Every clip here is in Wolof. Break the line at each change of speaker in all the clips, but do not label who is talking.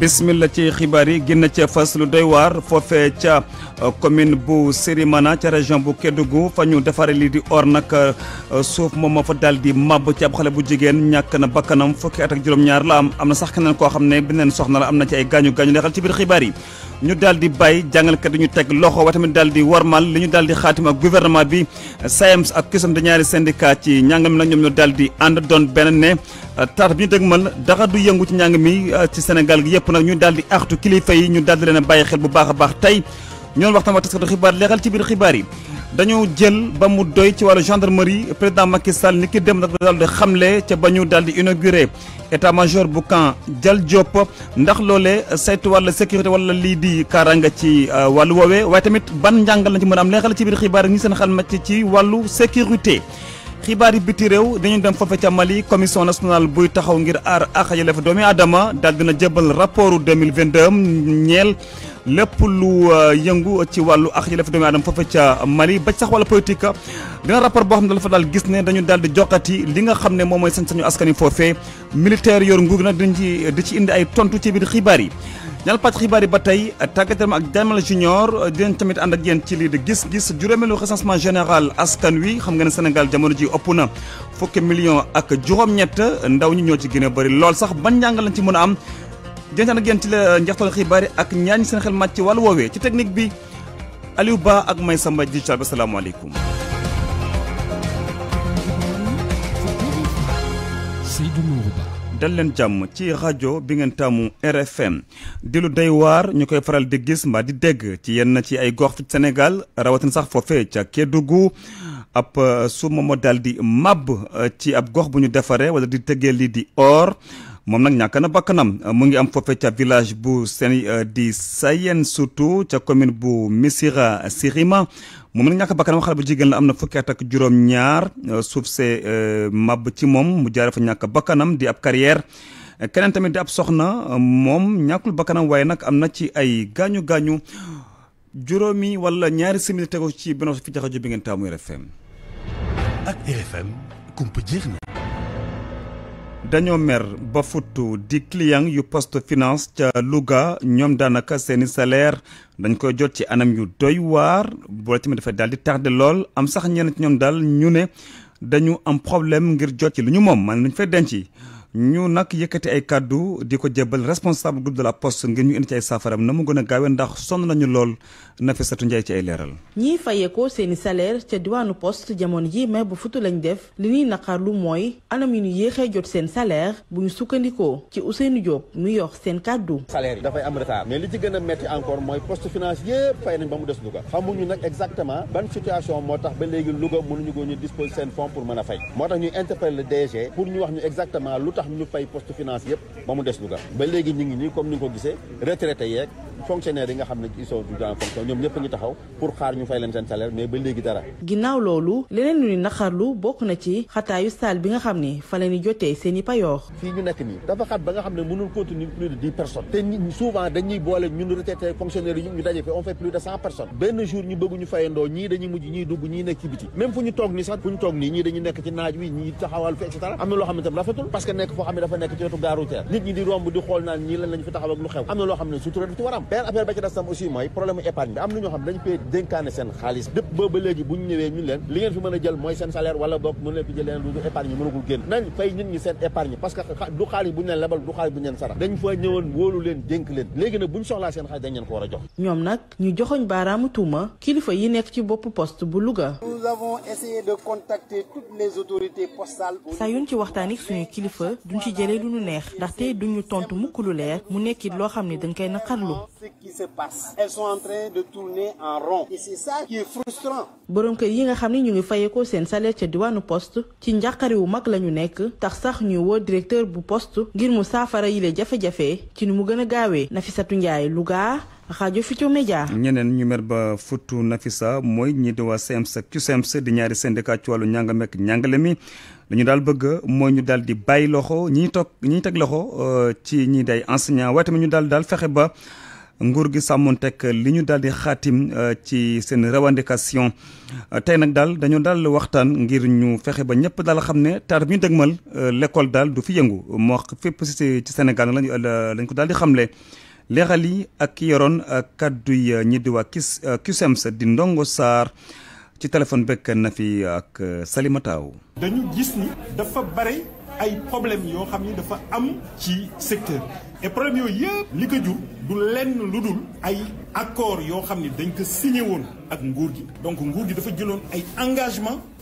bismillah ci xibaar yi gën na ca fas lu doy waar foofe ca euh, commune bu Sirimana ca région bu Kédougou fa ñu defaree lii di or nag euh, suuf moom moo fa daal di màbb ci ab xale bu jigéen ñàkk na bakkanam fukki at ak juróom-ñaar la am am na sax keneen koo xam ne beneen soxna la am na ci ay gaañu gaañu leexal ci biir xibaar yi. ñu daal di bàyyi jàngalkat yi ñu teg loxo wa tamit daal di warmal li ñu daal di xaatim ak gouvernement bi SAEMS ak kisam da ñaari syndicat ci njàng nag ñoom ñoo daal di ànd doon benn ne taata bi ñu dëgmal dara du yëngu ci njàng mi ci Sénégal gi yëpp nag ñu daal di axtu kilifa yi ñu daal leen bàyyi xel bu baax a baax tey ñoon waxtaan wa taskatu xibaar leexal ci biir xibaar yi dañu jël ba mu doy ci wàllu gendarmerie président Macky Sall ni ki dem nag daal di xamle ca ba ñu daal di inauguré état major bu camp Dial Diop ndax loolee saytu wàllu sécurité wala lii di kaaraanga ci euh, wàllu woowee waaye tamit ban njàngal lañ ci mën a am leexal ci biir xibaar yi ñu seen xel ma ci wàllu sécurité. xibaar yi biti réew dañu dem foofe ca Mali commission nationale buy taxaw ngir aar ak yelleefu doomi aadama daal dina jëbal rapportu 2022 ñeel. lépp lu euh, yëngu ci wàllu ak yelleef doomu aadama foofu ca Mali ba sax wala politique dina rapport boo xam ne dafa daal gis ne dañu daal di joxati li nga xam ne moom mooy sañ-sañu askan wi foofee militaire yor nguur nag dinañ ci di ci indi ay tontu ci biir xibaar yi. ñaal pàcc xibaar yi ba tey tàggatam ak Jamal Junior euh, dinañ tamit ànd ak yéen ci lii di gis-gis juróomeelu recensement général askan wi xam nga ne Sénégal jamono ji ëpp na fukki million ak juróom-ñett ndaw ñi ñoo ci gën a lool sax ban njàng lañ ci mën a am Jangan ak yéen ci la njaxtal xibaar yi ak ñaan seen xel màcc ci wàllu ci technique bi Aliou Ba ak May Samba di ci assalamu alaykum Nourou Ba. dal leen ci rajo bi ngeen tamu RFM di lu doy war faral di gis ma di deg ci yenn ci ay gox fi Senegal rawatin sax fofé ci Kédougou. ap euh, suma mo daldi di euh, ci ab gox bu ñu wala di tëggee li di or moom nag ñàkk na bakkanam mu ngi am foofe ca village bu seen euh, di sa Sayen surtout ca commune bu Missira Sirima moom nag ñàkk bakkanam xale bu jigéen la am na fukki at ak juróom-ñaar euh, suuf see euh, màbb ci moom mu jaare fa ñàkk bakkanam di ab carrière keneen tamit di ab soxna moom ñàkkul bakkanam waaye nag am na ci ay gaañu gaañu juróomi wala ñaari simili tegu ci benn fi jaxajo bi ngeen taamu RFM ak RFM kumpa jeex na dañoo mer ba futtu di client yu poste finance ca Louga ñoom daanaka seeni salaire dañ koy jot ci anam yu doy waar boo tamit dafay daal di tardé lool am sax ñenn ci ñoom daal ñu ne dañu am problème ngir jot ci lu ñu moom man lu ñu fay denc ñu nag yëkkati ay kàddu di ko jébbal responsable groupe de la poste ngir ñu indi ci ay saafaram na mu gën a gaawee ndax sonn nañu lool Nafisatu Njaay ci ay leeral
ñiy fayeekoo seeni salaire ca diwaanu post jamono ji mai ba futu lañ def li ñuy naqarlu mooy anam yi ñu yéexee jot seen salaire bu ñu sukkandikoo ci Ousseynou Diop mu yox seen kàddu
salaire yi dafay am retard mais li ci gën metti encore mooy poste finance yëpp fay nañ ba mu des Louga xamuñu nag exactement ban situation moo tax ba léegi Louga mënuñu ko ñu dispose seen fonds pour mën a fay moo tax ñuy interpeller le DG pour ñu wax ñu exactement lu tax ñu fay poste finance yëpp ba mu des Louga ba léegi ñu ngi nii comme ni nga ko fonctionnaire yi nga xam ne ils sont du grand fonction ñoom ñëpp ngi taxaw pour xaar ñu fay leen seen salaire mais ba léegi dara.
ginnaaw loolu leneen lu ñu naqarlu bokk na ci xataayu saal bi nga xam ni fa leen jotee seen i payoor. fii ñu nekk nii dafa xat ba nga xam ne mënul continuer plus de dix
personnes te souvent dañuy boole ñun retraité fonctionnaire yi ñu daje fi on fait plus de cent personnes benn jour ñu bëgg ñu fayandoo ñii dañuy mujj ñii dugg ñii nekk ci biti même fu ñu toog nii sax fu ñu toog nii ñii dañuy nekk ci naaj wi ñii taxawal fi et cetera am na loo xam ne tam rafetul parce que nekk foo xam ne dafa nekk ci wetu gare routière nit ñi di romb di xool naan ñii lan lañ fi taxaw ak lu xew am na loo xam ne sutura du ci waram beneen affaire ba ci des tam aussi mooy problème épargne bi am na ñoo xam ne dañu koy dénkaane seen xaalis dëpp booba léegi bu ñu ñëwee ñun leen li ngeen fi mën a jël mooy seen salaire wala boog mën leen fi jël leen lu épargne yi mënagul génn nañ fay nit ñi seen épargne parce que du bu ñu leen lebal xaalis dañ fa ñëwoon wóolu leen dénk leen léegi nag bu ñu soxlaa seen xaalis dañ leen ko war a jox
ñoom nag ñu joxoñ baaraamu tuuma kilifa yi nekk ci bopp poste ci waxtaan ak suñu kilifa duñ ci jëlee lu ñu neex ndaxte duñu tontu mukk lu leer mu nekkit loo xam ne dañ koy naqarlu
ce qui se passe. Elles sont en train de tourner en rond et c'est ça qui est frustrant.
borom kër yi nga xam ni ñu ngi fayeekoo seen salaire ca diwaanu poste ci njàqare wu mag la nekk tax sax ñu woo directeur bu poste ngir mu saafara yile jafe-jafe ci nu mu gën a gaawee Nafisatu Njaay Louga rajo Futurs
ñeneen ñu mer ba futtu Nafisa mooy ñi di waa CMS CUSEMS di ñaari syndicat ci wàllu ñàngam ak ñàngale mi lu daal bëgg mooy ñu daal di bàyyi loxo ñi toog ñi teg loxo euh, ci ñi day enseignant waaye tamit ñu daal daal fexe ba nguur gi sàmmonteeg li ñu daal di xaatim euh, ci seen revendication euh, tey nag daal dañoo daal waxtaan ngir ñu fexe ba ñëpp daal xam ne taar bi ñu dëgmal euh, lekkool daal du fi yëngu moo fépp ci Sénégal la lañ ko daal di xamle. leexal yi ak ki yoroon kàddu yi ñi di waa kis sa di Ndongo saar ci téléphone bekk na fi ak salimataaw
dañu gis ni dafa bare ay problème yoo xam ni dafa am ci secteur et problème yooyu yëpp li ko jur du lenn lu dul ay accord yoo xam ni dañ ko signé woon ak nguur gi donc nguur gi dafa jëloon ay engagement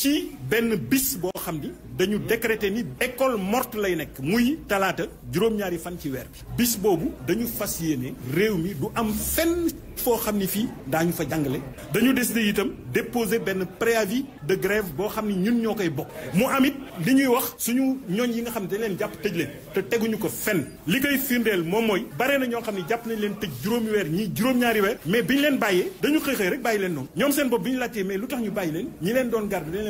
ci ben bis bo xamni dañu décréter ni école morte lay nek muy talata juroom ñaari fan ci weer bi bis bobu dañu fas yéene réew mi du am fenn fo xamni fi dañu fa jàngale dañu décider itam déposer ben préavis de grève bo xamni ñun ñokay bok bokk mu amit li ñuy wax suñu ñoñ yi nga xamni ne dañ leen jàpp tëj leen te teguñu ko fenn li koy firndeel moom moy bare na ño xamni japp nañ leen tëj juróomi weer ñii juróom-ñaari mais bi ñu leen bàyyee dañu xëy rek bàyyi leen noonu ñoom seen bopp bi ñu mais lutax ñu bàyyi leen ñi leen doon garde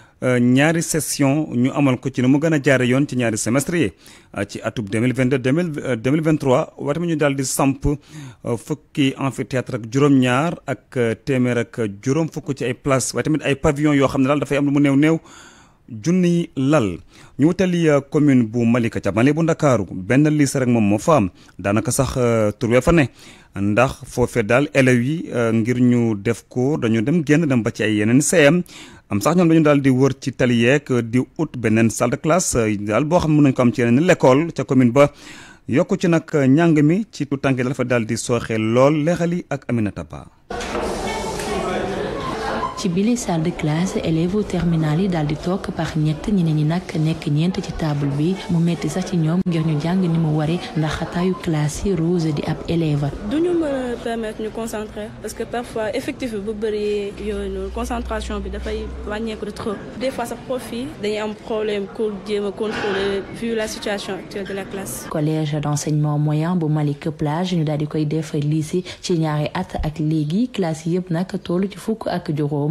ñaari session ñu amal ko ci ne mu gën a jaare yoon ci ñaari semestre yi ci atub 2022 2023 waaye tamit ñu daal di samp euh, fukki amphithéâtre ak juróom-ñaar ak euh, téeméer ak juróom fukk ci ay place waaye tamit ay pavillon yoo xam ne daal dafay am lu mu néew néew junniy lal ñu wutali euh, commune bu Malika ca Mali bu Ndakaaru benn lycée rek moom moo fa am daanaka sax turwee fa ne ndax foofe daal élèves yi ngir ñu def ko dañu dem génn dem ba ci ay yeneen CM am sax ñoom dañu daal di wër ci tali yeeg di ut beneen salle de classe euh, daal boo xam ne mën nañ ko am ci yeneen l'école ca commune ba yokku ci nag euh, njàng mi ci tu tànk dafa daal di sooxee lool leexali ak Aminata Ba
ci bile salle de classe élèves u terminal yi di tok par ñett ñeneen ñi nak nek ñeent ci table bi mu metti sax ci ñom ngir ñu jang ni mu waré ndax xataayu classe rose di ab élève duñu
me permettre ñu concentrer parce que parfois effectif bu bari yooyu noonu concentration bi da fay wàññeeku ko trop des fois sax profit dañuy am problème ko jema contrôler vu la situation actuelle de la classe
collège d'enseignement moyen bu malik Plage ñu dal di koy def lycée ci ñaari at ak légui classe yëpp nak tolu ci fukk ak juróom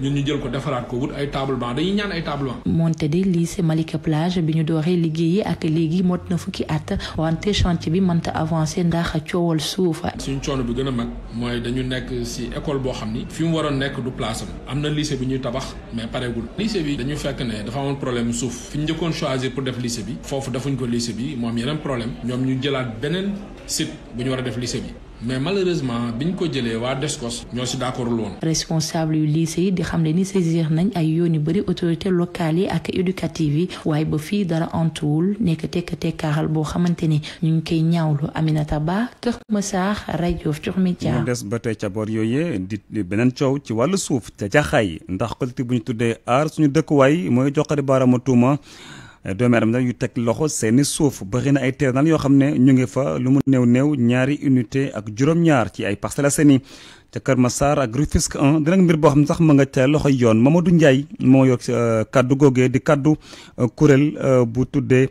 ñun ñu jël ko défarat ko wut ay table banc dañuy ñaan ay table
monté dé de lycée Malika Plage bi ñu dooree liggéeyi ak léegi mot na fukki at wante chantier bi mënta avancer ndax coowal suuf.
suñ coono bi gëna a mag mooy dañu nekk ci école bo xamni ni fi mu waroon nekk du place am am lycée bi ñuy tabax mais pareegul lycée bi dañu fekk né dafa amoon problème souf fi ñu njëkkoon choisir pour def lycée bi fofu dafuñ ko lycée bi moom yeneen problème ñom ñu jëlat benen site bu ñu wara def lycée bi. mais malheureusement ñu ko jëlee waa Descos ñoo si d'accordul woon.
responsable yu lycée yi di xam ne ni saisir nañ ay yoon yu bëri autorité locale yi ak éducative yi waaye ba fii dara antuwul nekk tekk tekkaaral boo xamante ni ñu ngi koy ñaawlu Aminata Ba Kër Masar rajo Futurs Médias. mu
des ba tey ca boor yooyu di beneen coow ci wàllu suuf ca jaxaay ndax collectif bu ñu tuddee aar suñu dëkkuwaay mooy joxari baaraamu tuuma. doomi aadama yu tek loxo seeni souf bari na ay terrain yoo xam ne ñu ngi fa lu mu néew néew ñaari unité ak juroom ñaar ci ay Parcelles Assainies te Kër Massar ak Rufisque 1 dina ngir bo xam sax ma nga ca loxo yoon Mamadou ndjay mo yok euh, kaddu goge di kaddu euh, kuréel euh, bu tuddé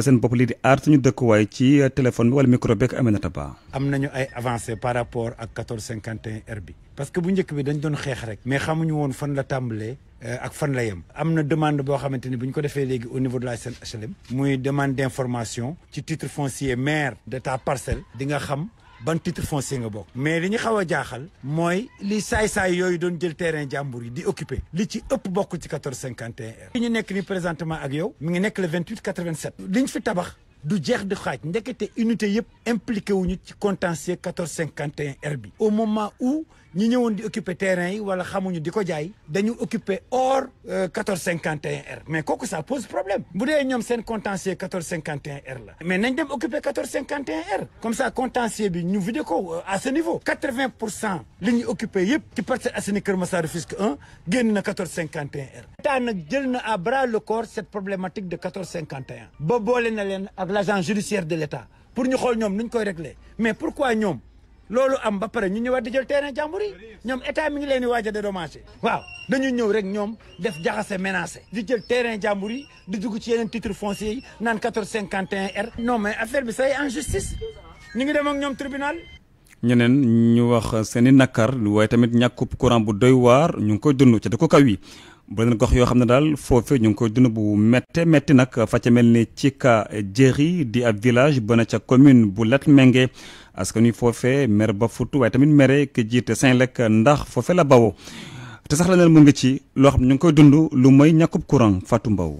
seen bopp lii di aar suñu way ci téléphone bi wala micro beeg Aminata Ba.
am ay avancé par rapport ak 1451 R bi. parce que bu ñëk bi dañ doon xex rek. mais xamuñu won fan la tambalé euh, ak fan la yem am demande bo xamanteni buñ ko defee légui au niveau de la HLM muy demande d'information ci titre foncier maire de ta parcelle di nga xam ban titre foncier nga bok mais liñu xawa xaw a jaaxal mooy li say say yoy doon jël terrain jambour yi di occuper li ci ëpp bokk ci 1451 r ñu nekk ni présentement ak yow mi ngi nekk le 28 87 liñ fi tabax du jeex di xaaj ndekete unité yëpp impliqué wuñu ci contentieux 1451 R bi au moment où nous ñëwoon di occuper terrain yi wala xamuñu di ko jaay dañu occuper hors 1451 euh, R mais kooku ça pose problème bu dee ñoom seen contentieux 1451 R la mais nañ dem occuper 1451 R comme ça contentieux bi ñu vide ko euh, à ce niveau 80 pour cent li ñu à ce ci ce niveau Keur Massar Rufisque 1 na 1451 R état nag jël na à bras le corps cette problématique de 1451 ba boole na leen ak judiciaire de l'État. pour ñu xool ñoom nuñ koy régler mais pourquoi nous loolu am ba pare ñu ñëwaat di jël terrain jàmbur yi ñoom état mi ngi leen di waaj a dédommagé waaw dañuy ñëw rek ñoom def jaxase menacé di jël terrain jàmbur yi di dugg ci yeneen titre foncier yi naan 1451 R. non mais affaire bi say en justice ñu ngi dem ak ñoom tribunal.
ñeneen ñu wax seeni i lu waaye tamit ñàkkub courant bu doy waar ñu ngi koy dund ca dëkku kaw yi. beneen gox yoo xam ne daal foofe ñu ngi koy dund bu métte métti nag fa ca mel ni ci ka jéeri di ab village ba na ca commune bu Latmingué askan wi foofe mer ba futu waaye tamit mere ki jiite lekk ndax foofe la bawo te sax la neen mu ngi ci loo xam ne ñu ngi koy dund lu mooy ñàkkub courant Fatou Mbow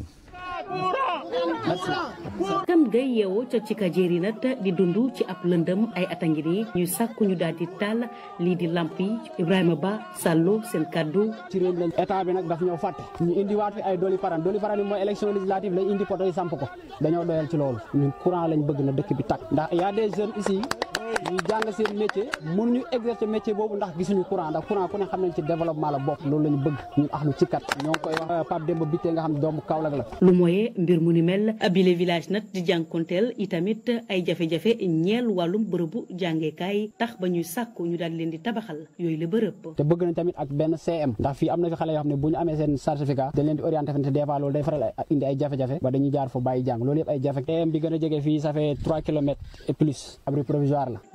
gay yeewoo ca Cikajéeri nag di dund ci ab lëndëm ay at a ngi nii ñuy sàkku ñu daal di taal lii di lamp
Ibrahima Ba Sàllo seen kaddu. ci réew mi état bi nag daf ñoo fàtte. ñu indiwaat fi ay doli paran doli paran mooy élection législative lañ indi poto yi samp ko dañoo doyal ci loolu. ñun courant lañ bëgg na dëkk bi tàkk. ndax y a des jeunes ñu jàng seen métier mënuñu exercer métier boobu ndax gisuñu courant ndax courant ku ne xam nañ ñu bëgg ñun lu ci kat ñoo ngi koy wax euh, Pape Demba Bitèye nga
xam ne itamit ay jafe-jafe ñeel wàllum bërëbu jàngeekaay tax ba ñuy sàkku ñu daal leen di tabaxal
yooyu la bërëb te bëgg nañ tamit ak benn CM ndax fii am na fi xale yoo xam ne bu ñu amee seen certificat dañ leen di orienté fente des fois loolu day faral indi ay jafe-jafe ba dañuy jaar fa bàyyi jàng loolu yëpp ay jafe CM jege fii ça fait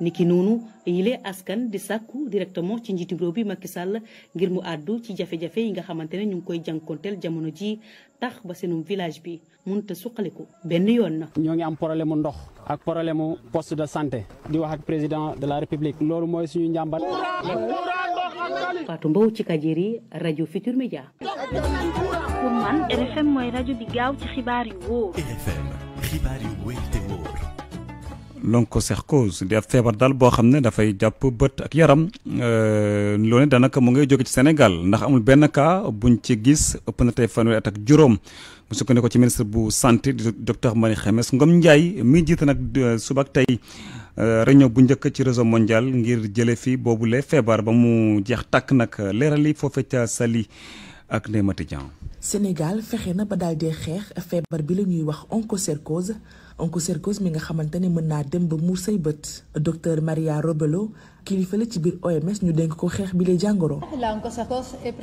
niki noonu yile
askan di sàkku
directement ci njiitu
réew bi Macky Sall ngir mu àddu ci jafe-jafe yi nga xamante ne ñu ngi koy jànkonteel jamono ji tax ba seenum village bi mënut a suqaliku
benn yoon na. ñoo ngi am problème mu ndox ak problème
mu poste de santé di wax ak président de la république loolu mooy suñu njàmbat. Fatou Mbow ci Kajeri rajo Futur Media. pour man RFM
mooy rajo bi gaaw ci xibaar yu wóor.
l'onchocercose di ab feebar daal boo xam ne dafay jàpp bët ak yaram loolu euh, ne danaka mu ngay jóge ci Sénégal ndax amul benn cas buñ ci gis ëpp na tey fanweeri at ak juróom mu ko ci ministre bu santé di docteur Marie Khemesse Ngom Ndiaye mi jiite nag euh, suba ak tey euh, réunion bu njëkk ci réseau mondial ngir jële fi boobule feebar ba mu jeex takk nag leerali foofe ca sali ak Ndeye Mati
Sénégal fexe na ba daal di xeex feebar bi la ñuy wax onchocercose onchocercose mi nga xamante ne mën naa dem ba mu say bët docteur Maria Robelo kilifa la ci biir OMS ñu dénk ko xeex bi lay jàngoro.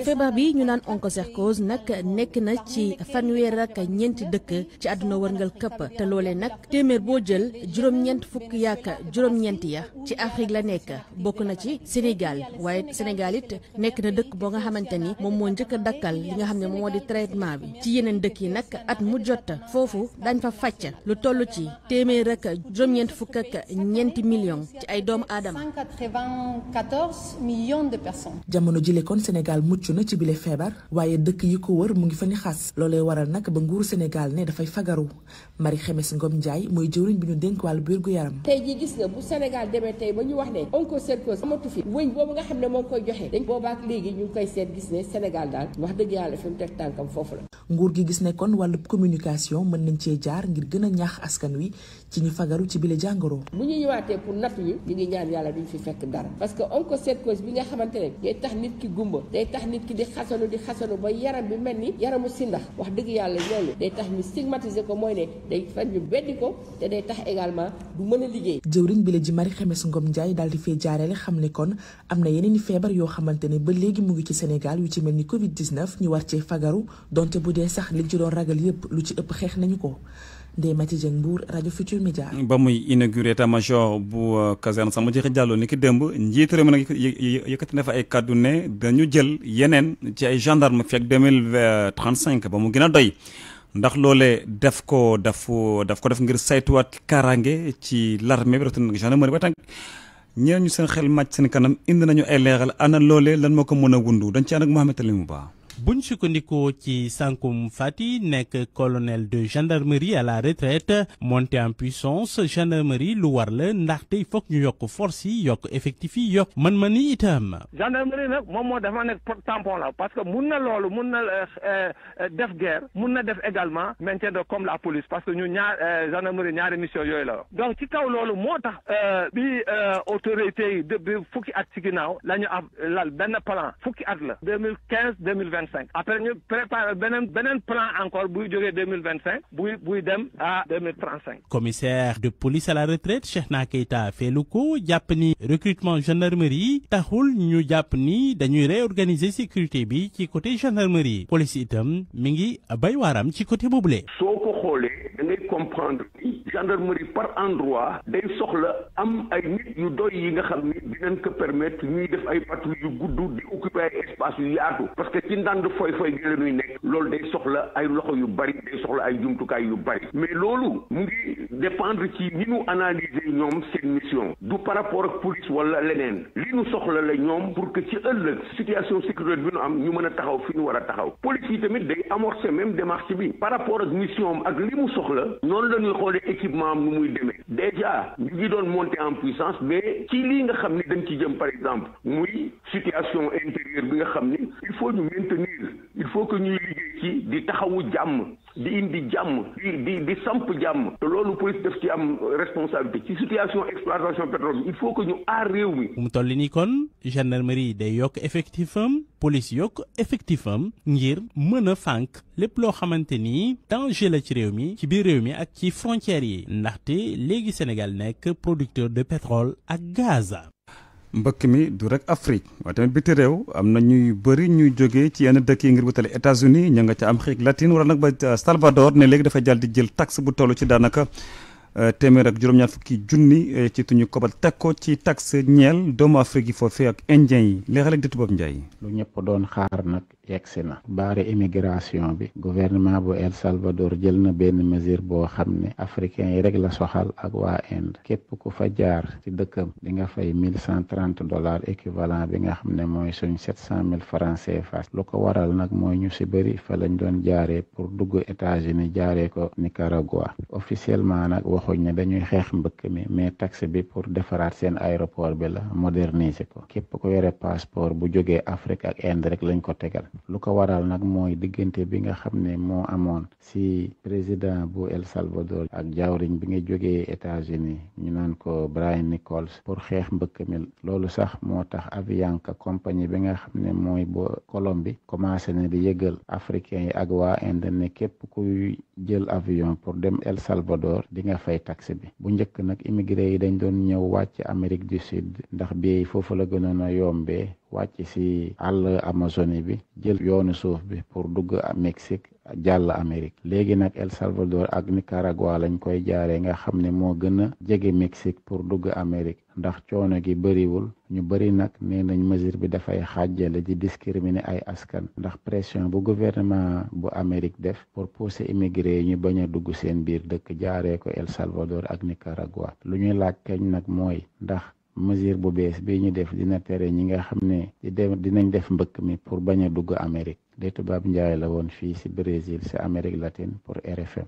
feebar bi ñu naan onchocercose nag nekk na ci fanweer ak ñeenti dëkk ci àdduna wërngal këpp te loolee nag téeméer boo jël juróom-ñeent ya ci Afrique la nekk bokk na ci Sénégal waaye Sénégal it nekk na dëkk boo nga xamante ni moom moo njëkk dakkal li nga xam ne moom moo di traitement bi ci yeneen dëkk yi nag at mu jot foofu dañ fa fàcc lu toll ci téeméer ak juróom million ci ay doomu aadama. 94 millions de personnes.
jamono jilé kon Sénégal mucc na ci bile feebar wayé dëkk yi ko wër mu ngi fa ni xas loolee waral nak ba nguur Sénégal né da fay fagaru Mari Xemes Ngom Ndiaye moy jëwriñ bi ñu dénk wàllu biir gu yaram.
tay ji gis nga bu Sénégal demee tay ba ñu wax né ne onchocercose amatu fi wëñ boobu nga xamné mo moom koy joxé dañ ak léegi ñu koy sét gis né Sénégal dal wax dëgg yàlla fim mu tankam fofu la.
nguur gi gis né kon walu communication mën nañ ci jaar ngir gëna a ñaax askan wi ci ñi fagaru ci bile jàngoro.
mu ñu ñëwaatee pour natt ñu ñu ngi ñaan yàlla duñ fi fekk dara parce que onchocercose bi nga xamante ne day tax nit ki gumba day tax nit ki di xasanu di xasanu ba yaram bi mel ni yaramu sindax wax dëgg yàlla loolu day tax ñu stigmatiser ko mooy ne day faj ñu beddi ko te day tax également du
mën a liggéey. jëwriñ bile ji Marie Khemesse Ngom Ndiaye daal di fee jaareele xam ne kon am na yeneen i feebar yoo xamante ne ba léegi mu ci Sénégal yu ci mel ni Covid 19 ñu war cee fagaru donte bu dee sax liñ ci doon ragal yépp lu ci ëpp xeex nañu ko Ndeye Mathi Dieng Mbour rajo Futur
ba muy inauguré état-major bu euh, caserne Samba Diéry Diallo ni ki démb njiit mu mi nag yëkkati na fa ay kàddu dañu jël yeneen ci ay gendarme fekk deux mille trente cinq ba mu gën a doy. ndax loolee def ko daf daf ko def ngir saytuwaat kaaraange ci l'armée bi rawatina gendarmerie ba tànk ñeneen ñu seen xel màcc seen kanam indi nañu ay leeral ana loolee lan moo ko mën a wundu dañ ci ànd ak Mouhamed Aliou Ba.
buñ sukkandikoo ci Sankum Fati nekk colonel de gendarmerie à la retraite monté en puissance gendarmerie lu war la ndaxte il faut ñu yokk force yi yokk effectif yi yokk man mën itam.
gendarmerie nag moom moo dafa nekk tampon la parce que mun na loolu mun na euh, euh, def guerre mun na def également maintien de comme la police parce que ñu ñaar euh, gendarmerie ñaari mission yooyu la. donc ci kaw loolu moo tax bi autorité yi depuis fukki at ci ginnaaw la ñu lal benn plan fukki at la. 2015 2020 vingt après ñu préparer benen, benen plan encore buy jógee 2025, mille vingt dem à 2035.
commissaire de police à la retraite Cheikhna Keita feelu ko ni recrutement gendarmerie taxul ñu jàpp ni dañuy réorganiser sécurité bi ci côté gendarmerie police itam mi ngi bay ci côté boublé.
soo ko xoolee da ngay comprendre gendarmerie par endroit day soxla am ay nit yu doy yi nga xam ni dinañ ko permettre ñuy def ay patrouille yu gudd di occuper ay espace yu yaatu parce que ci ndand foy foy gi la ñuy nekk loolu day soxla ay loxo yu bari day soxla ay jumtukaay yu bari mais loolu mu ngi dépendre ci ni ñu analyser ñoom seen mission du par rapport ak police wala leneen li ñu soxla la ñoom pour que ci ëllëg situation sécurité bi ñu am ñu mën a taxaw fi ñu war a taxaw police yi tamit day amorcer même démarche bi par rapport ak mission am ak li mu soxla noonu la ñuy xoolee équipement am nu déjà nous ngi monter en puissance mais ci lii nga d'un ni ci par exemple oui, situation intérieure bi nga il faut ñu maintenir il faut que nous l'ingé ci di taxawu jàmm di indi jàmm di di di samp jàmm te loolu police def ci am responsabilité ci situation exploitation pétrole bi il faut que ñu
aar réew mi. mu toll nii kon gendarmerie day yokk effectif am police yokk effectif am ngir mën a fànq lépp loo xamante ni danger la ci réew mi ci biir réew mi ak ci frontières yi ndaxte léegi Sénégal nekk producteur de pétrole ak gaz.
mbëkk mi du rek Afrique waaye tamit biti réew am na ñuy bëri ñuy jógee ci yenn dëkk yi ngir wutale États-Unis ña nga ca am xiig latine wala nag ba Salvador ne léegi dafa jàll di jël tax bu toll ci daanaka euh, téeméer ak juróom-ñaar fukki junni euh, ci tuñu kobal teg ko ci tax ñeel doomu Afrique yi foofee ak indien yi léeg-léeg di tubaab njaay
lu ñëpp doon xaar nag yegsi na baare immigration bi gouvernement bu El Salvador jël na benn mesure boo xam ne africain yi rek la soxal ak waa Inde képp ku fa jaar ci dëkkam di nga fay mille cent trente dollars équivalent bi nga xam ne mooy suñ sept cent mille francs CFA lu ko waral nag mooy ñu si bëri fa lañ doon jaaree pour dugg États-Unis jaaree ko Nicaragua officiellement nag waxuñ ne dañuy xeex mbëkk mi mais taxe bi pour defaraat seen aéroport bi la moderniser ko képp ko yore passeport bu jógee Afrique ak lañ ko tegal lu ko waral nag mooy diggante bi nga xam ne moo amoon si président bu El Salvador ak jawriñ bi nga jógee États-Unis ñu naan ko Brian Nichols pour xeex mbëkk loolu sax moo tax Avianca compagnie bi nga xam ne mooy bu Colombie commencé ne di yëgal africains yi ak waa Inde ne képp kuy jël avion pour dem El Salvador di nga fay taxe bi bu njëkk nag immigré yi dañ doon ñëw wàcc Amérique du Sud ndax bi foofu la gënoon a yombee wàcc si àll Amazonie bi jël yoonu suuf bi pour dugg Mexique jàll Amérique léegi nag El Salvador ak Nicaragua lañ koy jaaree nga xam ne moo gën a jege Mexique pour dugg Amérique ndax coono gi bëriwul ñu bëri nag nee nañ mesure bi dafay xàjjale di discriminer ay askan ndax pression bu gouvernement bu Amérique def pour pousser immigré ñu bañ a dugg seen biir dëkk jaaree ko El Salvador ak Nicaragua lu ñuy laaj keñ nag mooy ndax mesure bu bees bi ñu def dina tere ñi nga xam ne di dem dinañ def mbëkk mi pour bañ a dugg Amérique de tubaab njaay la woon fii ci Brésil ci Amérique
latine pour RFM.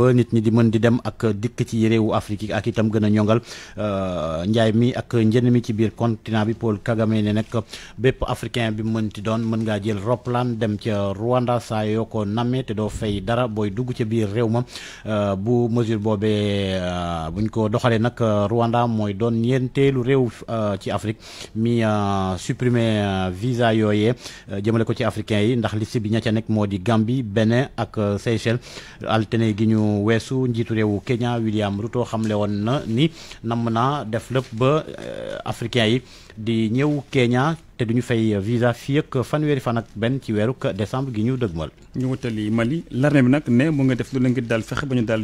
ba nit ñi di mën di dem ak dikk ci réewu Afrique yi ak itam gën a ñongal euh, njaay mi ak njënd mi ci biir continent bi Paul Kagame ne nag bépp africain bi mën ti doon mën ngaa jël roplaan dem ca Rwanda saa yoo ko nammee te doo fay dara booy dugg ca biir réew ma euh, bu mesure boobee euh, buñ ko doxalee nag Rwanda mooy doon ñeenteelu réew ci Afrique mi supprimer visa yooyee jëmale ko ci africain yi ndax liste bi ña ca nekk moo di Gambie Benin ak Seychelles altine gi ñu ñu weesu njiitu réewu Kenya William Ruto xamle woon na ni namm naa def lépp ba euh, africain yi di ñëw Kenya te duñu fay visa fii ak fanweeri fan ak benn ci weeru décembre gi ñu dëgmal. ñu wutali Mali
l'armée bi nag ne mu nga def lu la ngir daal fexe ba ñu daal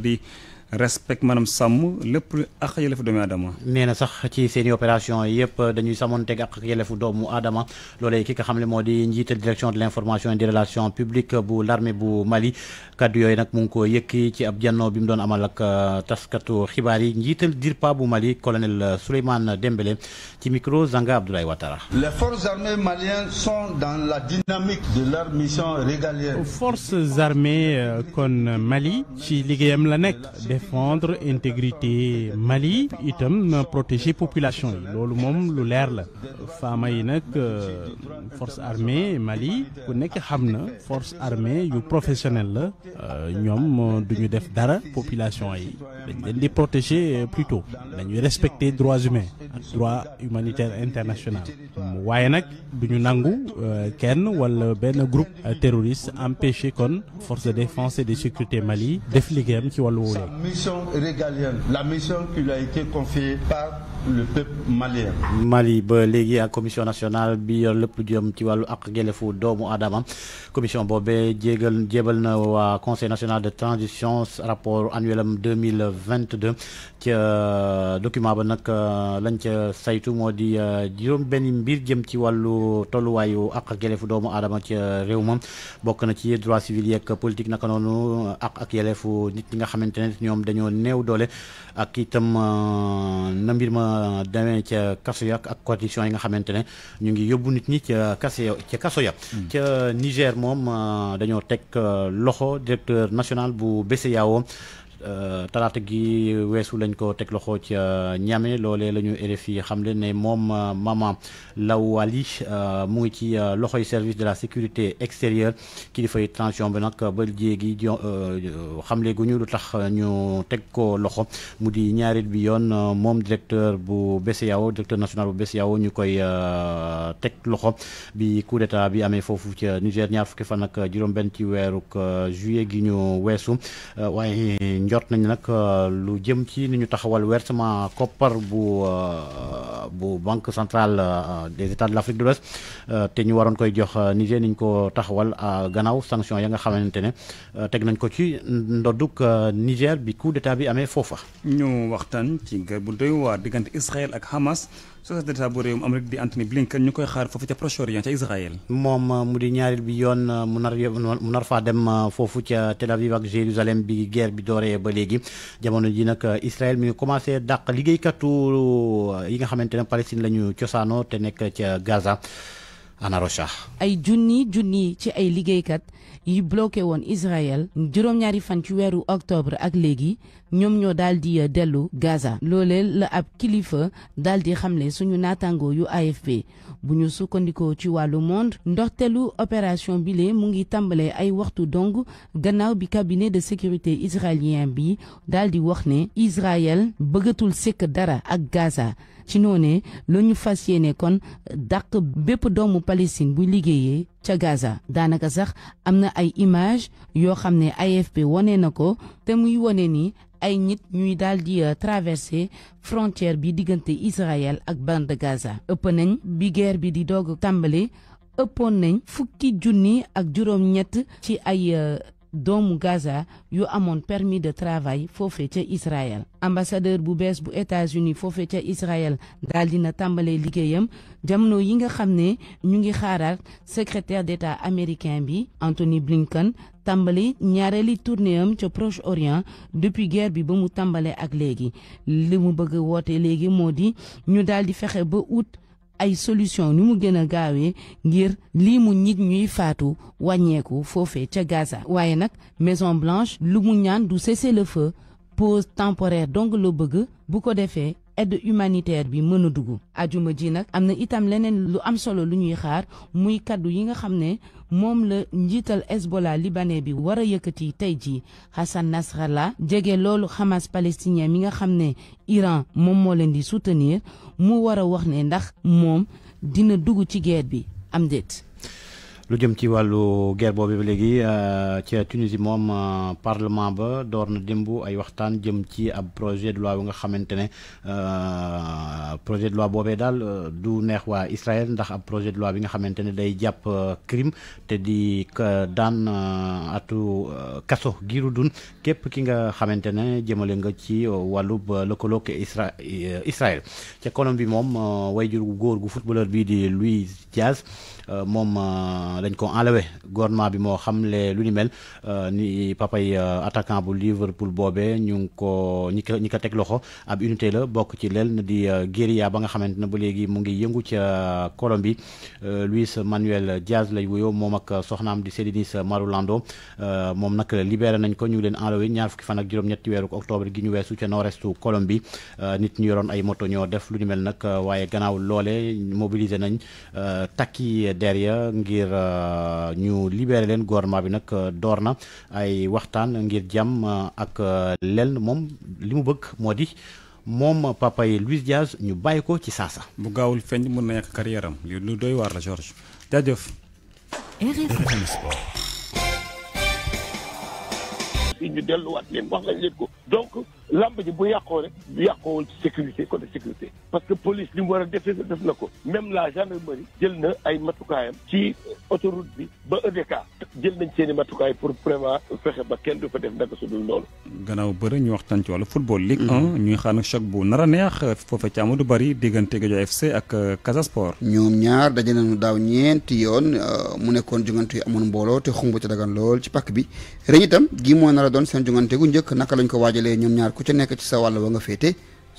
respect manam sàmm lepp ak
yelefu doomu adama neena sax ci seen i opération yëpp dañuy samonté ak yelefu doomu adama lolé ki nga xamné modi njital direction de l'information et des relations publiques bu l'armée bu Mali kaddu yoy nak mu ngi ko yëkki ci ab janno bi mu doon amal ak euh, taskatu xibaar yi njiital DIRPA bu Mali colonel euh, Souleymane Dembélé ci micro Zanga Abdoulaye watara
les forces armées
maliennes sont dans la dynamique de leur mission régalienne
forces armées euh, kon Mali ci liggéeyam la nek défendre intégrité Mali et protéger population C'est ce qui lu leer la faama yi euh, force armée Mali ku une force armée yu professionnel la euh, ñoom duñu def dara population yi protéger plutôt dañuy respecter droits humains les humanitaires internationaux. internationaux. nous avons duñu nangu euh, wala groupe terroriste empêché kon force de défense
et de sécurité Mali de faire ci wàllu
mission régalienne, la mission qui lui a été confiée par le peuple malien.
Mali ba léegi ak commission nationale bi yor lépp jëm ci wàllu ak gelefu doomu aadama commission boobee jéegal jébal na waa conseil national de transition rapport annuelam 2022 ci document ba nag euh, lañ ca saytu moo di euh, juróom benn mbir jëm ci wàllu tolluwaayu ak gelefu doomu aadama ci réew ma bokk na ci droit civil yeeg politique naka noonu ak ak yelefu nit ñi nga xamante ne ñoom dañoo néew doole ak itam euh, na mbir ma a demee ca kaso ya ak conditions yi nga xamante ne ñu ngi yóbbu nit ñi ca kaso ya ca kaso ya hmm. Niger moom ah, dañoo teg ah, loxo directeur national bu BCEAO Euh, talaata gi wessu lañ ko tek loxo ci euh, ñame lolé lañu RFI xamlé né mom euh, Maman Lawali mu ngi ci loxoy service de la sécurité extérieure difay tension bi nak ba jéegi xamlé guñu lutax ñu tek ko loxo mudi ñaarit bi yoon mom directeur bu BCAO directeur national bu BCEAO ñu koy loxo bi coup d'état bi amé fofu ci Niger ñaar fukki fa nak juróom ci weeruk juillet gi ñu waye njort nañ nag euh, lu jëm ci ni ñu taxawal versement koppar bu euh, bu banque centrale euh, des états de l' de l'Ouest te ñu waroon koy jox Niger ni ko taxawal gannaaw sanction ya nga xamante ne teg nañ ko ci ndodduk Niger bi coup d'état bi amee foofa. ñu waxtaan ci nga
bu doy waar diggante Israël ak Hamas. secrétaire d'état bu réewum Amérique di Anthony Blinken ñu koy xaar foofu ca Proche-Orient ca Israël.
moom euh, mu di ñaareel bi yoon euh, mu nar faa dem euh, foofu ca Tel Aviv ak Jérusalem bi guerre bi dooree ba léegi jamono ji nag Israël mi ngi commencé dàq liggéeykatu yi nga xamante ne Palestine la ñu cosaanoo te nekk ca Gaza. Ana
ay junni junni ci ay liggéeykat yi bloqué woon Israël juróom-ñaari fan ci weeru octobre ak léegi ñoom ñoo daal di euh, dellu Gaza loolee la ab kilifa daal di xamle suñu naataangoo yu AFP bu ñu sukkandikoo ci wàllu monde ndoxteelu opération bile mu ngi tàmbalee ay waxtu dong gannaaw bi cabinet de sécurité israélien bi daal di wax ne Israël bëggatul sekk dara ak Gaza ci noone la ñu fas yéene kon dàq bépp doomu Palestine bu liggéeyee ca Gaza daanaka sax am na ay image yoo xam ne AFP wone na ko te muy wone ni ay nit ñuy daal di euh, traversé frontière bi diggante Israël ak bande Gaza ëpp nañ bi bi di doog tàmbali ëppoon nañ fukki junni ak juróom-ñett ci ay euh, doomu Gaza yu amoon permis de travail foofe ca Israël ambassadeur bu bees bu États-Unis foofe ca Israël daal tàmbalee liggéeyam jamono yi nga xam ne ñu ngi xaaraat secrétaire d'État américain bi Anthony Blinken Tambali, ñaareli tournéum ci proche orient depuis guerre bi ba mu tàmbalee ak légui li bëgg woté légui out. di ñu Nous ba ay solution mu a ngir Gaza Maison Blanche lu mu ñaan cesser le feu pause temporaire donc lo bëgg bu ko défé aide humanitaire bi mën a dugg Amne ji itam leneen lu am solo lu ñuy xaar muy moom la njiital esbola libane bi war a yëkkati tey jii Hassan Nasrallah jege loolu Hamas palestinien mi nga xam ne Iran moom moo leen di soutenir mu war a wax ne ndax moom dina dugg ci guerre bi am déet.
lu jëm ci wàllu guerre boobu ba léegi euh, ca Tunisie moom euh, parlement ba door na démb ay waxtaan jëm ci ab projet de loi bi nga xamante ne euh, projet de loi boobee daal du neex waa Israël ndax ab projet de loi bi nga xamante ne day jàpp crime te di daan atu kaso giiru dun képp ki nga xamante ne jëmale nga ci wàllub lëkkaloog Isra Israël ca Colombie moom wayjur gu góor gu footballeur bii di Luis Diaz moom. Euh, dañ ko enlevé gouvernement bi mo xamlé lu ni mel euh, ni papay euh, attaquant bu Liverpool bobé ñu ko ñi ko ñi loxo ab unité la bok ci leel di guérilla ba nga xamante ba léegi ngi yëngu ci Colombie Luis Manuel Diaz lay wuyoo mom ak soxnam di Sedinis Marulando mom nak libéré nañ ko ñu leen enlevé ñaar fukki fan ak juroom ñetti octobre gi ñu weesu ci nord-estu Colombie nit ñu yoron ay moto def lu ni mel nak waaye gannaaw lolé mobilisé nañ takki derrière ngir Euh, ñu libéré leen gouvernement bi nag euh, door na ay waxtaan ngir jàmm euh, ak lenn moom li mu bëgg moo di moom papa yi Luis Diaz ñu bàyyi ko ci saasa. bu gaawul feeñ mën na yàq carrière lu doy waar la George
jaajëf.
donc lamb ji bu yàqoo rek yàqoowul ci sécurité côté sécurité parce que police li mu war a defee def na ko même la gendarmerie jël na ay matukaayam ci autoroute bi ba EDK jël nañ seen i matukaay pour vraiment fexe ba
kenn du fa def naka su dul loolu.
gannaaw bëri ñu waxtaan ci wàllu football. Ligue 1 mm-hmm. ñuy xaar nag chaque bu nar a neex foofee ci Amadou Bari diggante Guédiawaye FC ak euh, Casa Sport.
ñoom ñaar daje nañu daaw ñeenti yoon euh, mu nekkoon jongante yu amoon mbooloo te xumb ci dagan lool ci pàkk bi ren itam gii moo nar a doon seen jongante gu njëkk naka lañ ko waaj waajalee ñoom ñaar ku ci nekk ci sa wàll wa nga féete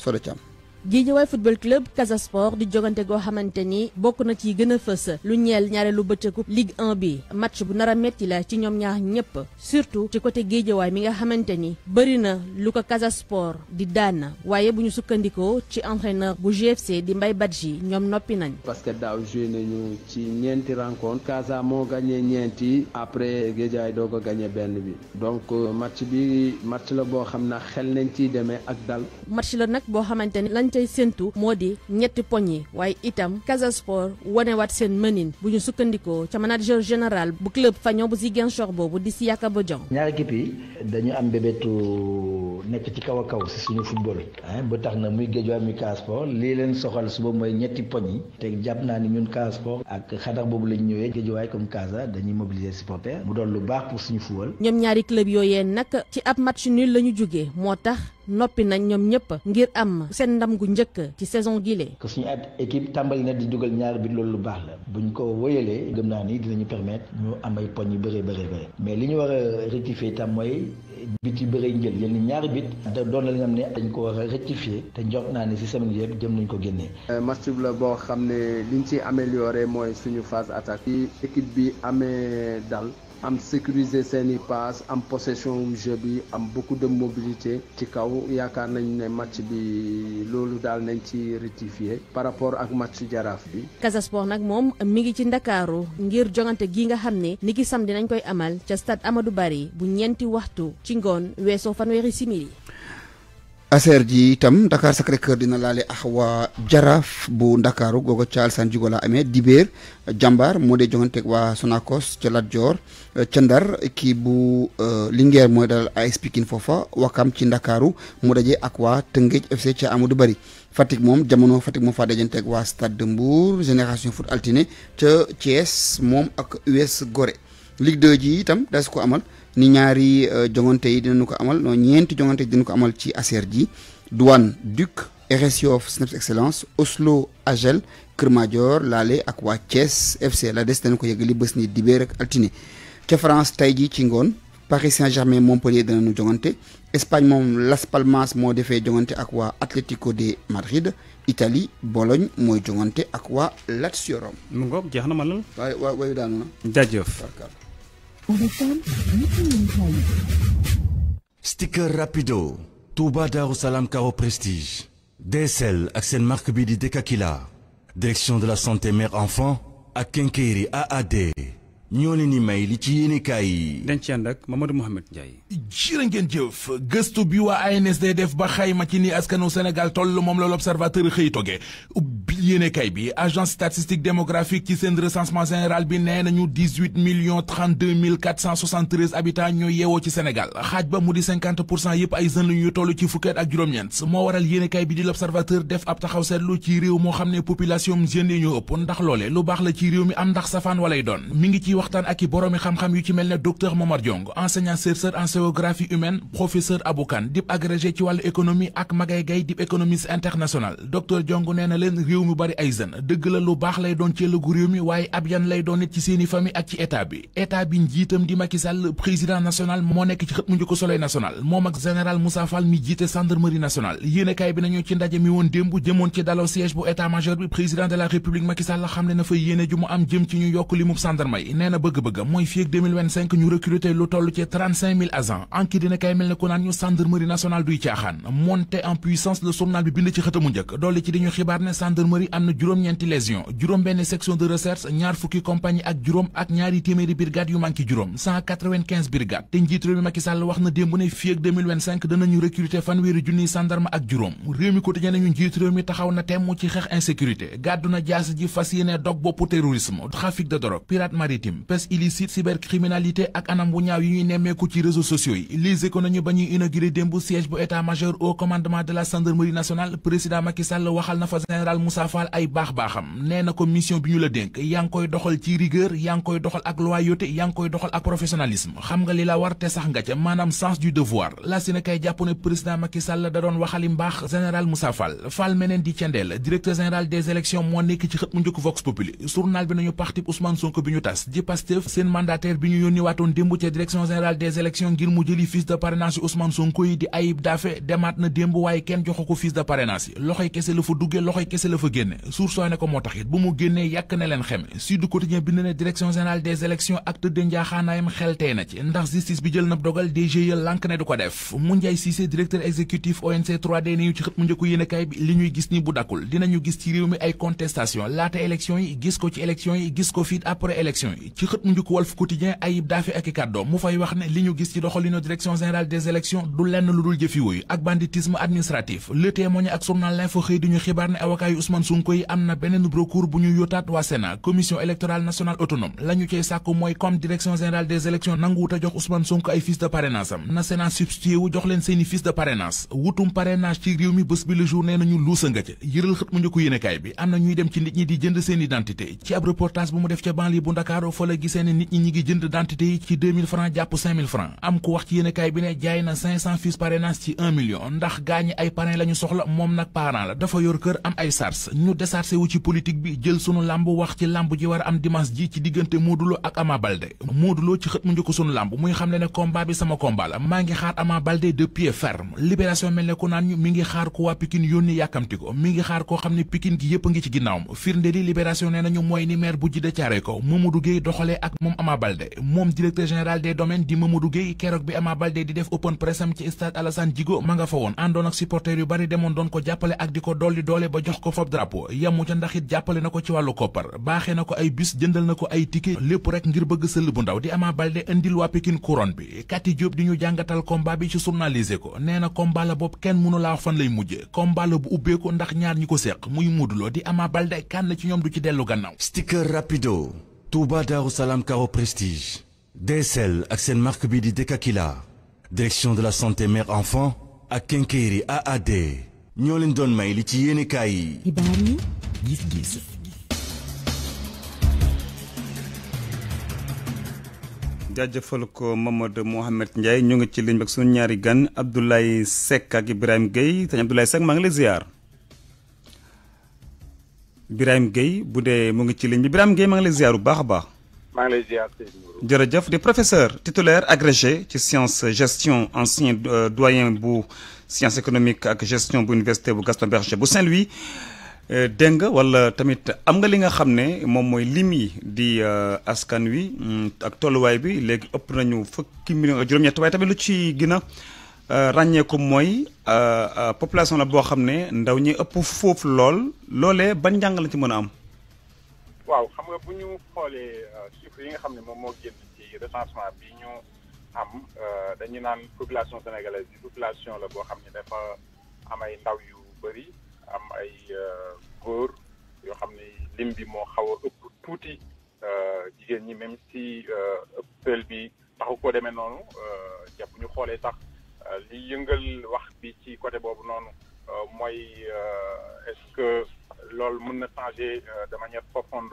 soo da am
Guédiawaye football club Casa Sport di jogante goo xamante ni bokk na ci gën a fës lu ñeel ñaareelu bëccëgu Ligue 1 bi match bu nar a metti la ci ñoom ñaar ñépp surtout ci côté Guédiawaye mi nga xamante ni bëri na lu ko Casa Sport di daan waaye bu ñu sukkandikoo ci entraîneur bu GFC di mbay Mbaye yi ñoom noppi nañ
parce que daaw joué nañu ci ñeenti rencontre Casa moo gagné ñeenti après Guédiawaye doo ko gagné benn bi donc match bi match la boo xam na xel nañ ciy demee ak
lañ cay séentu moo di ñetti poñ yi waaye itam Casa Sport wanewaat seen mënin bu ñu sukkandikoo ca manager général bu club Fagnon bu Ziguinchor boobu di Siyaka Badian. ñaari équipe
yi dañu am bébétu nekk ci kaw a kaw si suñu football ba tax na muy Guédiawaye muy Casa Sport lii leen soxal suba mooy ñetti poñ yi te jàpp naa ni ñun Casa Sport ak xadar boobu lañ ñëwee géejuwaay comme Casa dañuy mobiliser supporters mu doon lu baax pour suñu football.
ñom ñaari club yooyee nak ci ab match nul lañu joggé motax nopi nañ ñom ñëpp ngir am seen ndam gu ñëkk ci saison gile.
que suñu at équipe tàmbali na di duggal ñaar bi loolu lu baax la buñ ko wëyalee gëm naa ni dinañu permettre ñu am ay poñ yu béré béré mais liñu ñu rectifier tam moy bit yu bëri njël yéen ñaari bit da doon la ñam ne dañ ko war rectifier te njort naa ne si semaine yëpp jëm nañ ko génné
euh, match la boo xam ne liñ ci amélioré mooy mooy suñu phase attaque bi équipe bi amee dal am sécuriser seen i passe am possession jeu bi am beaucoup de mobilité ci kaw yaakaar nañ ne match bi loolu daal nañ ci rectifier par rapport ak match jaraaf bi.
Casa nag moom mi ngi ci ndakaaru ngir jongante gi nga xam ne ni ki samedi nañ koy amal ca stade du bari bu ñeenti waxtu ci ngoon weesoo fanweeri simili.
aser ji itam Dakar sacré dina laale ax waa jaraaf bu ndakaaru googa ca Alassane Djigo amee dibeer jàmbaar moo dee joŋanteeg waa Sonacos ca Lat Dior ca Ndar kii bu euh, Linguère mooy dalal AS Pikine foofa Wakam ci ndakaaru mu dajee ak wa Tëngéej FC ca Amadou Bari Fatick moom jamono Fatick moom faa dajanteeg waa Stade de Mbour Génération Foot Altiné ca moom ak US Gorée Ligue 2 ji itam da ko amal ni ñaari euh, jongante yi dinañu ko amal non ñeenti jongante dinañu ko amal ci ji Douane Duc RS of Snaps Excellence Oslo Agel Kër Lale, Akwa, ak FC la des dañu ko Altini, bés ni altine France tey Chingon, Paris Saint-Germain Montpellier danañu jongante Espagne Las Palmas Modefe, defee jongante ak de Madrid Italie Bologne Moy jongante ak Lazio Rome. mu ngoog jeex na ma
Avec
sticker rapido Touba Darou Salam Caro Prestige DSL ak sen marque bi di Dekakila direction de la santé mère enfant ak Kenkeyri AAD ñoo leen may li ci yéenekaay yi dañ ci ànd ak Mamadou Mohamed Ndiaye
jërë ngeen gestu bi wa ANSD def ba xayma ci ni askanu Sénégal toll mom l'observateur xey toge kay bi agence statistique démographique ci sen recensement général bi nee nañu 18 millions 32 habitants ñoy yeewoo ci Sénégal xaaj ba 50 yep ay jeunes ñu tollu ci fukkeet ak juroom mo waral kay bi di l'observateur def ab taxaw seetlu ci réew mo xam population jeune ñu ëpp ndax loole lu bax la ci réew mi am ndax safaan walay don mi ngi ciy waxtaan ak borom xam-xam yu ci melne docteur Momar Diong enseignant chercheur géographie humaine professeur Aboukan dip agrégé ci wàllu économie ak Magay Gay dip économiste international docteur Diong nee leen réew mi bari ay zen dëgg la lu baax lay doon ci réew mi waaye ab lay doon nit ci seeni famille ak ci état bi état bi njiitam di Macky président national moo nekk ci xët mu njëkk Soleil national moom ak général Moussa Fall mi jiite gendarmerie nationale yéenekaay bi nañu ci ndaje mi woon démb jëmoon ci daloo siège la république Macky Sall xam ne na fa yéene ju mu am jëm ci ñu yokk li mub gendarme yi nee na bëgg-bëgg mooy fii ak 2025 ñu recruter lu toll agents enquête dina kay mel ko nan ñu gendarmerie nationale duy caaxaan montée en puissance le journal bi bind ci xëtamu ñëk doli ci diñu ñu xibaar ne gendarmerie amna juroom ñenti ñeenti juroom juróom benn section de recherche ñaar fukki compagnie ak juroom ak ñaari téméri brigade yu manki juroom 195 brigade te njiit réew mi Macky Sall wax na démb ne fii ak 2025 danañu recruter fanweeri junniy gendarme ak juroom réew mi quotidien ñu njiit réew mi taxaw na temm ci xex insécurité gaduna jass ji fas yéene dog boppu terrorisme trafic de drogue pirate maritime pêche illicite cybercriminalité ak anam bu ñaaw yi ñuy ko ci réseaux sociaux yi ba ñuy inauguré démb siège bu état major au commandement de la gendarmerie nationale président Macky waxal na fa général Moussa ay baax-baaxam nee na ko mission bi ñu la dénk yaa koy doxal ci rigueur yaa koy doxal ak loyauté yaa ngi koy doxal ak professionnalisme xam nga li la war te sax nga ca maanaam sens du devoir la kay jàpp ne président Macky da doon waxali mbaax général Moussa Fall meneen di Thiendella directeur général ngir mu jëli fiche de parrainage yi Ousmane Sonko yi di Ayib Daffé demaat na démb waaye kenn joxu ko fiche de parrainage yi loxoy kese la fa duggee loxoy kese la fa génne sour sooy ne ko moo tax bu mu génnee yàq ne leen xeme Sud Quotidien bind na direction générale des élections acte de njaaxaanaayam xel na ci ndax justice bi jël na dogal DGE lànk ne du ko def Moundiaye Cissé directeur exécutif ONC 3D ni ci xët mu njëkku yéenekaay bi li ñuy doxalinu direction générale des élections du lenn lu dul jëf ak banditisme administratif le témoigne ak journal l'info xey di ñu xibaar ne avocat Ousmane Sonko yi am na beneen recours bu ñu Sénat commission électorale nationale autonome lañu cey cay moy comme direction générale des élections nanguwut a jox Ousmane Sonko ay fils de parrainage am na Sénat substitué wu jox leen seeni fils de parrainage wutum parrainage ci réew mi bés bi le jour nee nañu luusa nga ci yëral xët mu njëkku yéenekaay bi am ñuy dem ci nit ñi di jënd seen identité ci ab reportage bu mu def ci banlieue bu Dakar fo la gisé ne nit ñi ñi ngi jënd identité yi ci 2000 francs japp 5000 francs am kooku wax ci yéenekaay bi ne jaay na 500 fiches ci million ndax gaañi ay parrain la soxla moom nag parrain la dafa yor kër am ay sars ñu desarse ci politique bi jël sunu làmb wax ci làmb ji war a am dimanche ji ci diggante Modou Lo ak Ama Baldé Modou ci xët mu njëkk sunu làmb muy xam le ne combat bi sama combat la maa ngi xaar Ama Baldé de ferme libération mel ne ku naan ñu ngi xaar ku waa Pikine yónni yàkkamti ko mi ngi xaar koo xam ne Pikine gi a li libération nee nañu mooy ni maire bu ji de caare ko Mamadou Gueye doxalee ak moom Ama Baldé moom keroog bi Ama Baldé di def open press am ci stade Alassane ko jàppale ak di ko ko fab drapeau yamu ca na ko ci wàllu koppar baaxee na ko ay bus jëndal na ko ay ticket lépp rek ngir bëgg sëll bu ndaw di Ama Baldé indil ci ko nee na combat la boobu kenn mënu laa wax fan lay mujje combat la bu ubbeeku ko seq muy muuduloo di Ama Baldé kan la ci ñoom du ci dellu gannaaw sticker rapido Touba Darou Salam Caro Prestige DSL ak seen mark bi di Dekakila
direction de la santé mère enfant ak Kenkeyri AAD ñoo leen doon may li ci yéenekaay yi. xibaar yi gis-gis.
jaajëfal ko ngi ci ligne bi ak sunu ñaari gan Abdoulaye Seck ak Ibrahima Gueye sëñ Abdoulaye Seck maa ngi lay ziar. Ibrahima bu dee mu ngi ci ligne bi Ibrahima Gueye maa ngi lay bu baax a baax.
maa ngi lay
jërëjëf di professeur titulaire agrégé ci science gestion ancien euh, doyen bu science économique ak gestion bu université bu Gaston Berger bu Saint-Louis. euh, nga wala tamit am nga li nga xam ne moom mooy lim yi di euh, askan wi mm, ak tolluwaay bi léegi ëpp nañu fukki million ak juróom-ñett waaye tamit lu ci gën a euh, ràññeeku mooy population la boo xam ne ndaw ñi ëpp foofu lool loolee ban njàng la ci mën a am.
waaw xam nga bu ñu xoolee yi nga xam ne moom moo génn ci recensement bi ñu am euh, dañu naan population sénégalaise bi population la boo xam ne dafa am ay ndaw yu bëri am ay euh, góor yoo xam ne lim bi moo xaw a ëpp tuuti euh, jigéen ñi même si ëppel bi taxu ko demee noonu jàpp ñu xoolee sax li yëngal wax bi ci côté boobu noonu mooy est-ce que loolu mën na changer de manière profonde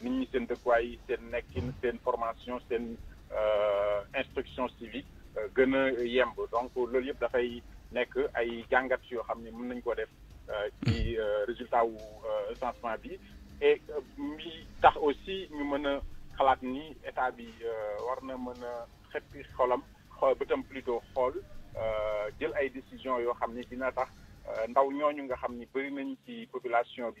nit ñi seen dëkkuwaay yi seen nekkin seen formation seen euh, instruction civique euh, gën a yemb donc loolu yëpp dafay nekk ay jàngat yoo xam ne mën nañ ko def euh, ci mm-hmm. résultat wu recensement bi et mi tax aussi ñu mën a xalaat ni état bi war na mën a xeppi xolam xool bëtam plutôt xool jël ay décision yoo xam ne dina tax ndaw ñooñu nga xam ni bëri nañ ci population bi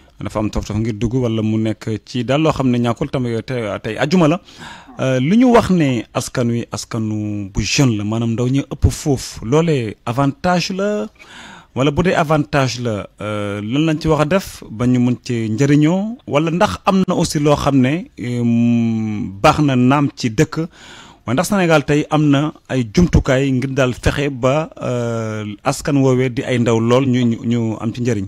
dafa am toof-toof ngir dugg wala mu nekk ci daal loo xam ne ñàkkul tam te euh, tey euh, ajuma la euh, li ñu wax ne askan wi askanu bu jeune la maanaam ndaw ñu ëpp foofu loolee avantage la wala bu dee avantage la lan lañ ci wax a def ba ñu mën ci njëriñoo wala ndax am na aussi loo xam ne baax na naam ci dëkk waaye ndax Sénégal tey am na ay jumtukaay ngir daal fexe ba askan woowee di ay ndaw lool ñu ñu am ci njëriñ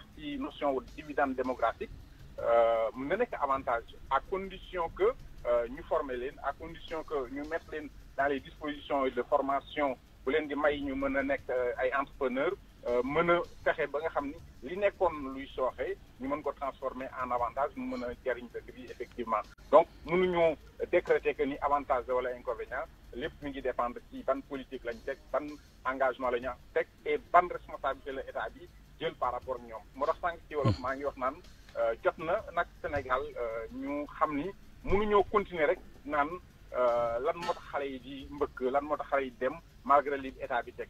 notion de dividende démographique euh, nous avons nek avantage à condition que nous euh, former à condition que nous mettre dans les dispositions de formation bu leen di may ñu mën nek euh, ay entrepreneurs euh a fexe ba nga en avantage nous mën jariñ dëkk bi effectivement donc mënuñu décréter que ni avantage des wala inconvénient lépp mu ngi dépendre ci ban politique lañ teg ban engagement lañu ñu et ban responsabilité la état jël par rapport ak ñoom moo tax sànq ci wolof hmm. maa ngi wax naan euh, jot na nag Sénégal euh, ñu xam ni mënuñoo continuer rek naan euh, lan moo tax xale yi di mbëkk lan moo tax xale yi dem malgré li état bi teg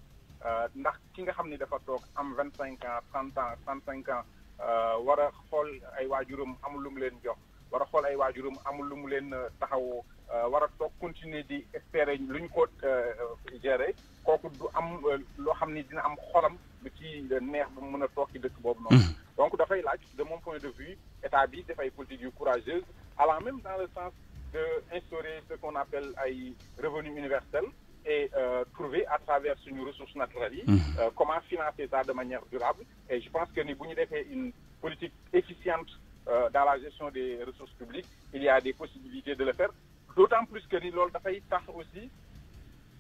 ndax ki nga xam ni dafa toog am vingt cinq ans trente ans trente cinq ans war a xool ay waajuram amul lu mu leen jox war a xool ay waajuram amul lu mu leen taxawoo war a toog continuer di espérer lu ñu ko gérer kooku du am loo xam ni dina am xolam du ci le nerf mën hmm. donc de mon point de vue état bi def politique courageuse la même dans le sens de instaurer ce qu'on appelle un revenu universel et euh, trouver à travers une ressource naturelle, hmm. euh, comment financer ça de manière durable. et je pense que ni bu une politique efficiente euh, dans la gestion des ressources publiques il y a des possibilités de le faire d'autant plus que ni loolu dafay aussi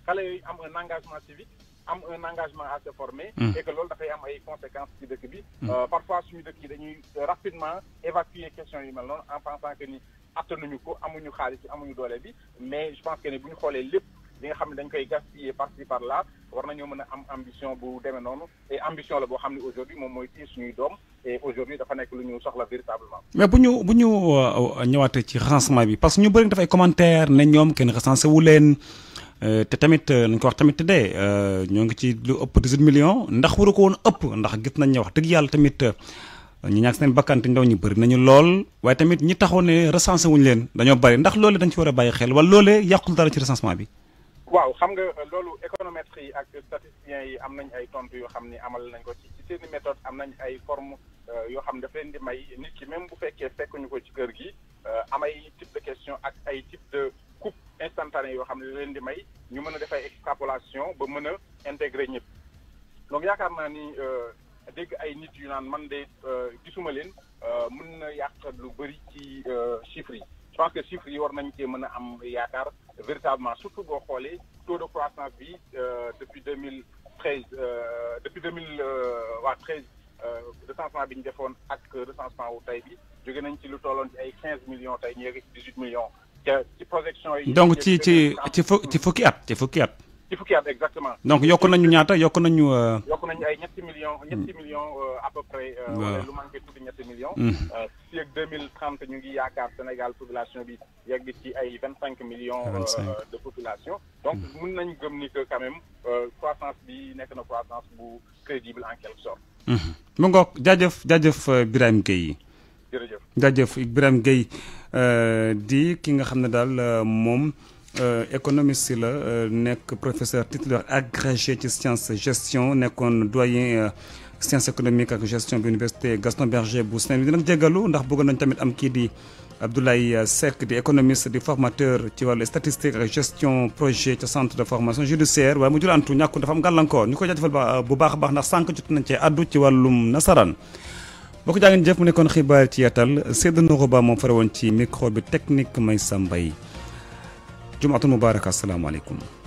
un engagement civique am un engagement à se former. Hmm. et que loolu dafay am ay conséquences ci dëkk bi. Hmm. Euh, parfois suñu dëkk yi dañuy euh, rapidement évacuer question yu mel noonu en pensant que ni attanuñu ko amuñu xaalis bi amuñu doole bi mais je pense que ni bu ñu xoolee lépp li nga xam ne dañ koy gaspiller par là war nañoo mën a am ambition bu demee noonu et ambition la boo xam aujourd'hui moom mooy ci suñuy doom et aujourd'hui dafa nekk lu ñu la véritablement.
mais bu ñu bu ñu euh, ci recensement bi parce que ñu bëri dafay commentaire ne ñoom kenn recensé wu leen. Euh, te tamit euh, nañ ko wax tamit te dee euh, ñoo ngi ci lu ëpp 18 millions ndax waru ko woon ëpp ndax gis nañ ne wax dëgg yàlla tamit ñi ñàkk seen bakkan ndaw ñu bëri nañu lool waaye tamit ñi taxoon ne recensé wuñu leen dañoo bari ndax loole dañu ci war a bàyyi xel wala loole yàqul dara ci recensement bi.
waaw xam nga loolu économétrie yi ak statisticiens yi am nañ ay tontu yoo xam ni amal nañ ko ci ci seen métode am nañ ay forme yoo xam dafa leen di may nit ki même bu fekkee fekkuñu ko ci kër gi am ay type ak ay instantané yoo xam ne leen di may ñu mën a def extrapolation ba mën a intégrer ñëpp donc yaakaar naa ni euh, dégg ay nit yu naan man de euh, gisuma leen euh, mën na yàq lu bëri ci chiffres yi je pense que chiffres yi war nañ cee mën a am yaakaar véritablement surtout boo xoolee taux de croissance bi depuis deux mille treize depuis deux mille waa treize recensement bi ñu defoon ak recensement wu tey bi jóge nañ ci lu tolloon ci ay quinze millions tey ñu yegg ci dix huit millions donc ci ci ci fu
ci fukki at ci fukki at.
ci fukki at exactement. donc yok
nañu ñaata yok nañu. yok
nañu ay ñetti millions ñetti millions à peu près. lu manqué tuddi ñetti millions. fii ak deux ñu ngi yaakaar Sénégal population bi yegg ci ay 25 millions. de population. donc mun nañ gëm ni que quand même croissance bi nekk na croissance bu crédible en quelque
sorte. mu ngok jaajëf jaajëf Ibrahim Gueye. jërëjëf jaajëf Birame Gueye. Euh, di ki nga euh, euh, économiste la professeur titulaire agrégé ci science gestion nekkoon doyen science économiques ak gestion de l'université Gaston Berger bu saint ndax bëgg nañ Abdoulaye économiste di formateur ci gestion projet centre de formation judiciaire mu dafa am bu baax boo ko jàngeen jëf mu nekkoon xibaar ci yaatal Seydou Nourou moo moom woon ci micro bi technique may sa mbay jumatul mubaaraka asalaamaaleykum